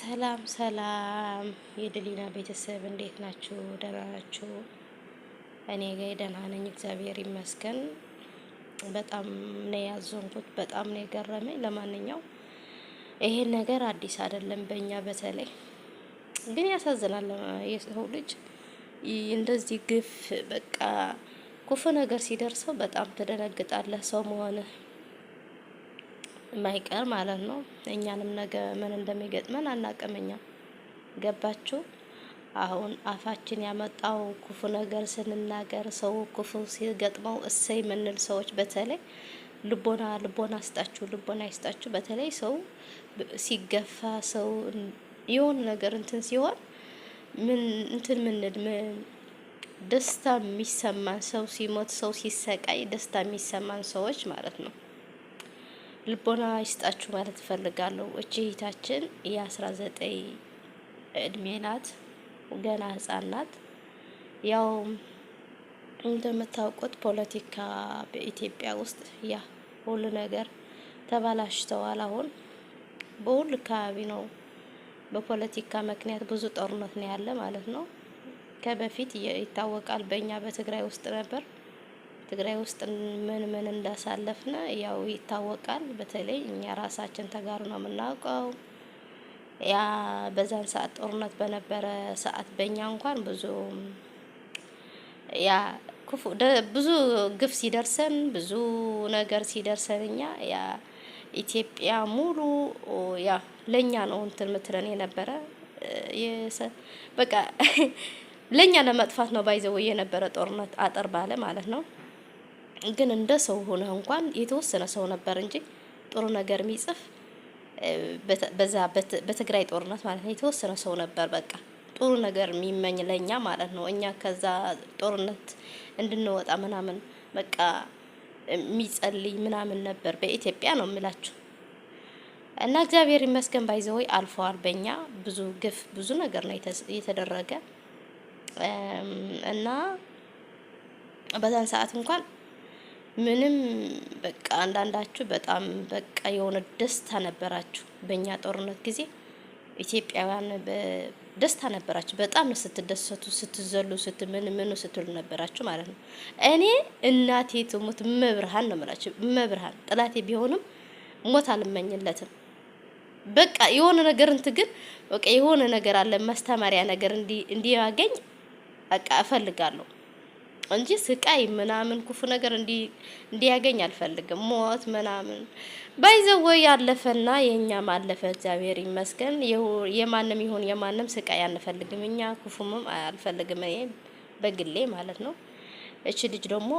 ሰላም ሰላም የድሊና ቤተሰብ እንዴት ናችሁ? ደህና ናችሁ? እኔ ጋ ደህና ነኝ፣ እግዚአብሔር ይመስገን። በጣም ነው ያዘንኩት፣ በጣም ነው የገረመኝ። ለማንኛው ይሄን ነገር አዲስ አይደለም በእኛ በተለይ ግን ያሳዝናል። የሰው ልጅ እንደዚህ ግፍ በቃ ክፉ ነገር ሲደርሰው በጣም ትደነግጣለህ ሰው መሆንህ የማይቀር ማለት ነው። እኛንም ነገ ምን እንደሚገጥመን አናቅምኛ። ገባችሁ? አሁን አፋችን ያመጣው ክፉ ነገር ስንናገር ሰው ክፉ ሲገጥመው እሰይ ምንል ሰዎች በተለይ ልቦና ልቦና አስጣችሁ ልቦና ይስጣችሁ። በተለይ ሰው ሲገፋ ሰው የሆነ ነገር እንትን ሲሆን ምን እንትን ምንል ደስታ የሚሰማን ሰው ሲሞት ሰው ሲሰቃይ ደስታ የሚሰማን ሰዎች ማለት ነው። ልቦና ይስጣችሁ ማለት እፈልጋለሁ። እቺ እህታችን የአስራ ዘጠኝ እድሜ ናት፣ ገና ህጻን ናት። ያው እንደምታውቁት ፖለቲካ በኢትዮጵያ ውስጥ ያ ሁሉ ነገር ተበላሽተዋል። አሁን በሁሉ አካባቢ ነው በፖለቲካ ምክንያት ብዙ ጦርነት ነው ያለ ማለት ነው። ከበፊት ይታወቃል። በእኛ በትግራይ ውስጥ ነበር። ትግራይ ውስጥ ምን ምን እንዳሳለፍነ ያው ይታወቃል። በተለይ እኛ ራሳችን ተጋሩ ነው የምናውቀው። ያ በዛን ሰዓት ጦርነት በነበረ ሰዓት በእኛ እንኳን ብዙ ያ ክፉ ብዙ ግፍ ሲደርሰን ብዙ ነገር ሲደርሰን እኛ ያ ኢትዮጵያ ሙሉ ያ ለእኛ ነው እንትን ምትለን የነበረ በቃ ለእኛ ለመጥፋት ነው ባይዘው የነበረ ጦርነት አጠር ባለ ማለት ነው። ግን እንደ ሰው ሆነህ እንኳን የተወሰነ ሰው ነበር እንጂ ጥሩ ነገር የሚጽፍ በዛ በትግራይ ጦርነት ማለት ነው የተወሰነ ሰው ነበር። በቃ ጥሩ ነገር የሚመኝ ለእኛ ማለት ነው እኛ ከዛ ጦርነት እንድንወጣ ምናምን በቃ የሚጸልይ ምናምን ነበር። በኢትዮጵያ ነው የምላችሁ። እና እግዚአብሔር ይመስገን ባይዘወይ አልፈዋል። በእኛ ብዙ ግፍ ብዙ ነገር ነው የተደረገ እና በዛን ሰዓት እንኳን ምንም በቃ አንዳንዳችሁ በጣም በቃ የሆነ ደስታ ነበራችሁ። በእኛ ጦርነት ጊዜ ኢትዮጵያውያን ደስታ ነበራችሁ። በጣም ነው ስትደሰቱ፣ ስትዘሉ፣ ስትምን ምኑ ስትሉ ነበራችሁ ማለት ነው። እኔ እናቴ ትሙት መብርሃን ነው የምላችሁ። መብርሃን ጥላቴ ቢሆንም ሞት አልመኝለትም። በቃ የሆነ ነገር እንትን ግን በቃ የሆነ ነገር አለ ማስተማሪያ ነገር እንዲያገኝ በቃ እፈልጋለሁ። እንጂ ስቃይ ምናምን ክፉ ነገር እንዲ እንዲያገኝ አልፈልግም። ሞት ምናምን ባይዘወ ያለፈና የእኛም አለፈ፣ እግዚአብሔር ይመስገን። የማንም ይሁን የማንም ስቃይ አንፈልግም እኛ ክፉም አልፈልግም፣ እኔ በግሌ ማለት ነው። እች ልጅ ደግሞ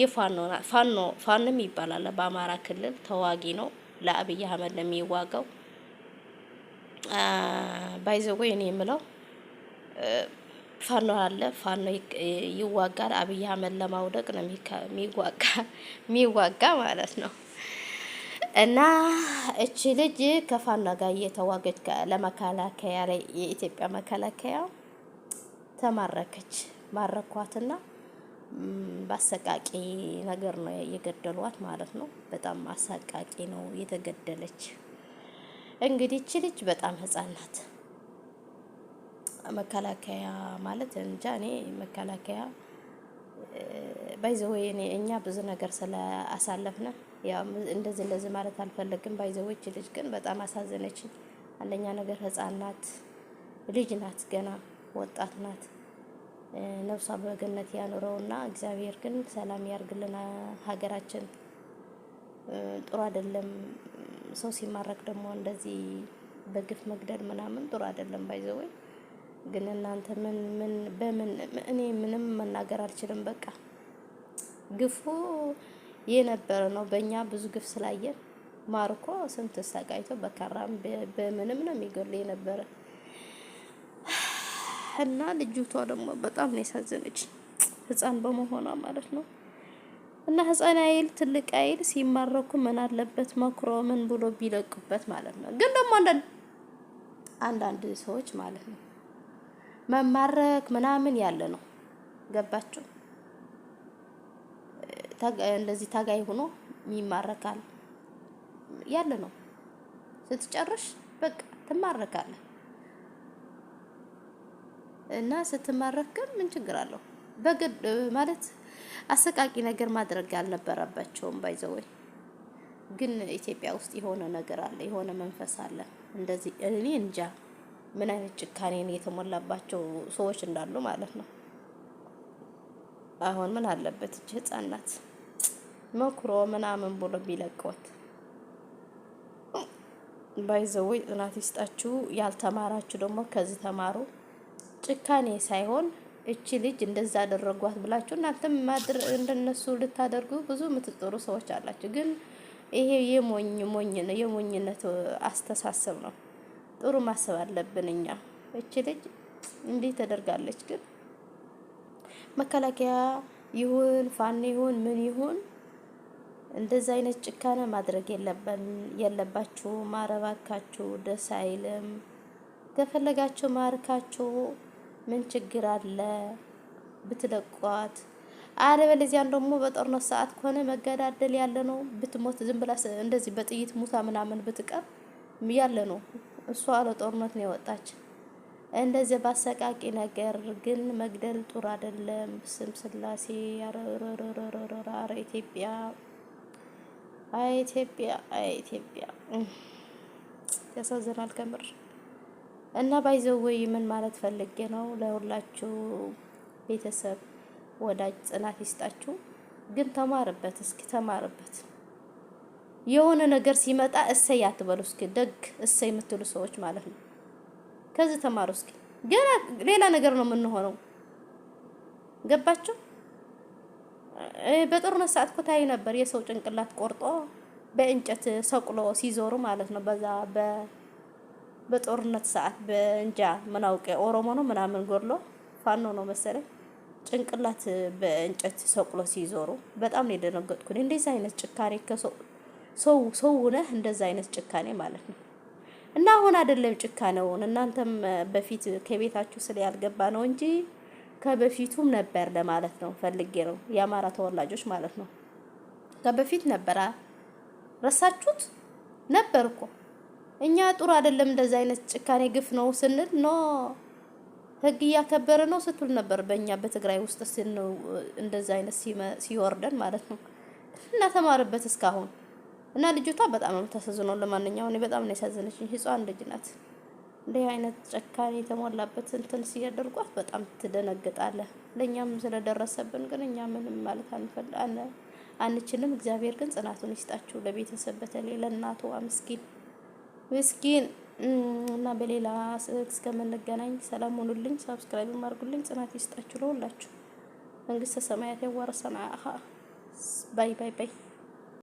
የፋኖ ፋኖ ፋንም ይባላል በአማራ ክልል ተዋጊ ነው። ለአብይ አህመድ ለሚዋጋው የሚዋጋው። ባይዘው እኔ የምለው ፋኖ አለ፣ ፋኖ ይዋጋል። አብይ አህመድ ለማውደቅ ነው የሚዋጋ የሚዋጋ ማለት ነው። እና እቺ ልጅ ከፋኖ ጋር እየተዋገች ለመከላከያ ላይ የኢትዮጵያ መከላከያ ተማረከች። ማረኳትና በአሰቃቂ ነገር ነው የገደሏት ማለት ነው። በጣም አሰቃቂ ነው የተገደለች። እንግዲህ እቺ ልጅ በጣም ህጻን ናት። መከላከያ ማለት እንጃ እኔ መከላከያ ባይዘወይ እኔ እኛ ብዙ ነገር ስለአሳለፍነ ያው እንደዚህ እንደዚህ ማለት አልፈለግም። ባይዘወች ልጅ ግን በጣም አሳዘነች። አንደኛ ነገር ህፃን ናት፣ ልጅ ናት፣ ገና ወጣት ናት። ነፍሷ በገነት ያኑረውና እግዚአብሔር ግን ሰላም ያርግልን ሀገራችን። ጥሩ አይደለም። ሰው ሲማረክ ደግሞ እንደዚህ በግፍ መግደል ምናምን ጥሩ አይደለም ባይዘወይ ግን እናንተ ምን ምን በምን እኔ ምንም መናገር አልችልም። በቃ ግፉ የነበረ ነው። በእኛ ብዙ ግፍ ስላየን ማርኮ ስንት ሰቃይቶ በከራም በምንም ነው የሚገል የነበረ እና ልጅቷ ደግሞ በጣም ነው ያሳዘነች፣ ህፃን በመሆኗ ማለት ነው። እና ህፃን አይል ትልቅ አይል ሲማረኩ ምን አለበት መክሮ ምን ብሎ ቢለቁበት ማለት ነው። ግን ደግሞ አንዳንድ አንዳንድ ሰዎች ማለት ነው መማረክ ምናምን ያለ ነው። ገባቸው እንደዚህ ታጋይ ሆኖ ይማረካል ያለ ነው። ስትጨርሽ በቃ ትማረካለህ እና ስትማረክ ግን ምን ችግር አለው? በግድ ማለት አሰቃቂ ነገር ማድረግ አልነበረባቸውም። ባይዘወይ ግን ኢትዮጵያ ውስጥ የሆነ ነገር አለ፣ የሆነ መንፈስ አለ። እንደዚህ እኔ እንጃ ምን አይነት ጭካኔን የተሞላባቸው ሰዎች እንዳሉ ማለት ነው። አሁን ምን አለበት እጅ ህጻናት መክሮ ምናምን ብሎ ቢለቀወት ባይዘው ጥናት ይስጣችሁ። ያልተማራችሁ ደግሞ ከዚህ ተማሩ። ጭካኔ ሳይሆን እቺ ልጅ እንደዛ አደረጓት ብላችሁ እናንተም ማድር እንደነሱ ልታደርጉ ብዙ የምትጥሩ ሰዎች አላችሁ። ግን ይሄ የሞኝ ሞኝ ነው የሞኝነት አስተሳሰብ ነው። ጥሩ ማሰብ አለብን እኛ። እች ልጅ እንዲህ ተደርጋለች። ግን መከላከያ ይሁን ፋኖ ይሁን ምን ይሁን እንደዛ አይነት ጭካኔ ማድረግ የለበን የለባችሁ። ማረባካችሁ ደስ አይልም። ከፈለጋችሁ ማርካችሁ ምን ችግር አለ ብትለቋት አለበለዚያን ደግሞ በጦርነት ሰዓት ከሆነ መገዳደል ያለ ነው። ብትሞት ዝም ብላ እንደዚህ በጥይት ሙታ ምናምን ብትቀር ያለ ነው። እሷ ለጦርነት ነው የወጣች። እንደዚህ ባሰቃቂ ነገር ግን መግደል ጡር አይደለም። ስም ስላሴ አረ ኢትዮጵያ፣ አይ ኢትዮጵያ፣ አይ ኢትዮጵያ ያሳዝናል ከምር። እና ባይዘወይ ምን ማለት ፈልጌ ነው፣ ለሁላችሁ ቤተሰብ ወዳጅ ጽናት ይስጣችሁ። ግን ተማርበት፣ እስኪ ተማርበት። የሆነ ነገር ሲመጣ እሰይ አትበሉ እስኪ፣ ደግ እሰይ የምትሉ ሰዎች ማለት ነው። ከዚህ ተማሩ እስኪ። ገና ሌላ ነገር ነው የምንሆነው። ገባችሁ? በጦርነት ሰዓት ኮታይ ነበር የሰው ጭንቅላት ቆርጦ በእንጨት ሰቅሎ ሲዞሩ ማለት ነው። በዛ በጦርነት ሰዓት በእንጃ ምን ኦሮሞ ነው ምናምን ጎድሎ ፋኖ ነው መሰለኝ ጭንቅላት በእንጨት ሰቅሎ ሲዞሩ በጣም ነው የደነገጥኩት። እንደዚህ አይነት ጭካሬ ከሰው ሰው ሆነ እንደዛ አይነት ጭካኔ ማለት ነው። እና አሁን አይደለም ጭካኔውን እናንተም በፊት ከቤታችሁ ስለ ያልገባ ነው እንጂ ከበፊቱም ነበር ለማለት ነው ፈልጌ ነው። የአማራ ተወላጆች ማለት ነው ከበፊት ነበራ። ረሳችሁት ነበር እኮ እኛ ጥሩ አይደለም እንደዛ አይነት ጭካኔ ግፍ ነው ስንል ኖ ህግ እያከበረ ነው ስትል ነበር። በእኛ በትግራይ ውስጥ እንደዛ አይነት ሲወርደን ማለት ነው እና ተማርበት እስካሁን እና ልጅቷ በጣም ነው። ለማንኛውም እኔ በጣም ነው ያሳዘነችኝ። ህፃን ልጅ ናት። እንዲህ አይነት ጨካኝ የተሞላበት እንትን ሲያደርጓት በጣም ትደነግጣለህ። ለእኛም ስለደረሰብን ግን እኛ ምንም ማለት አንችልም። እግዚአብሔር ግን ጽናቱን ይስጣችሁ ለቤተሰብ በተለይ ለእናቱ ምስኪን ምስኪን እና በሌላ እስከምንገናኝ ሰላም ሁኑልኝ። ሰብስክራይብ አድርጉልኝ። ጽናት ይስጣችሁ ለሁላችሁ። መንግስተ ሰማያት ያወርሰና ባይ ባይ ባይ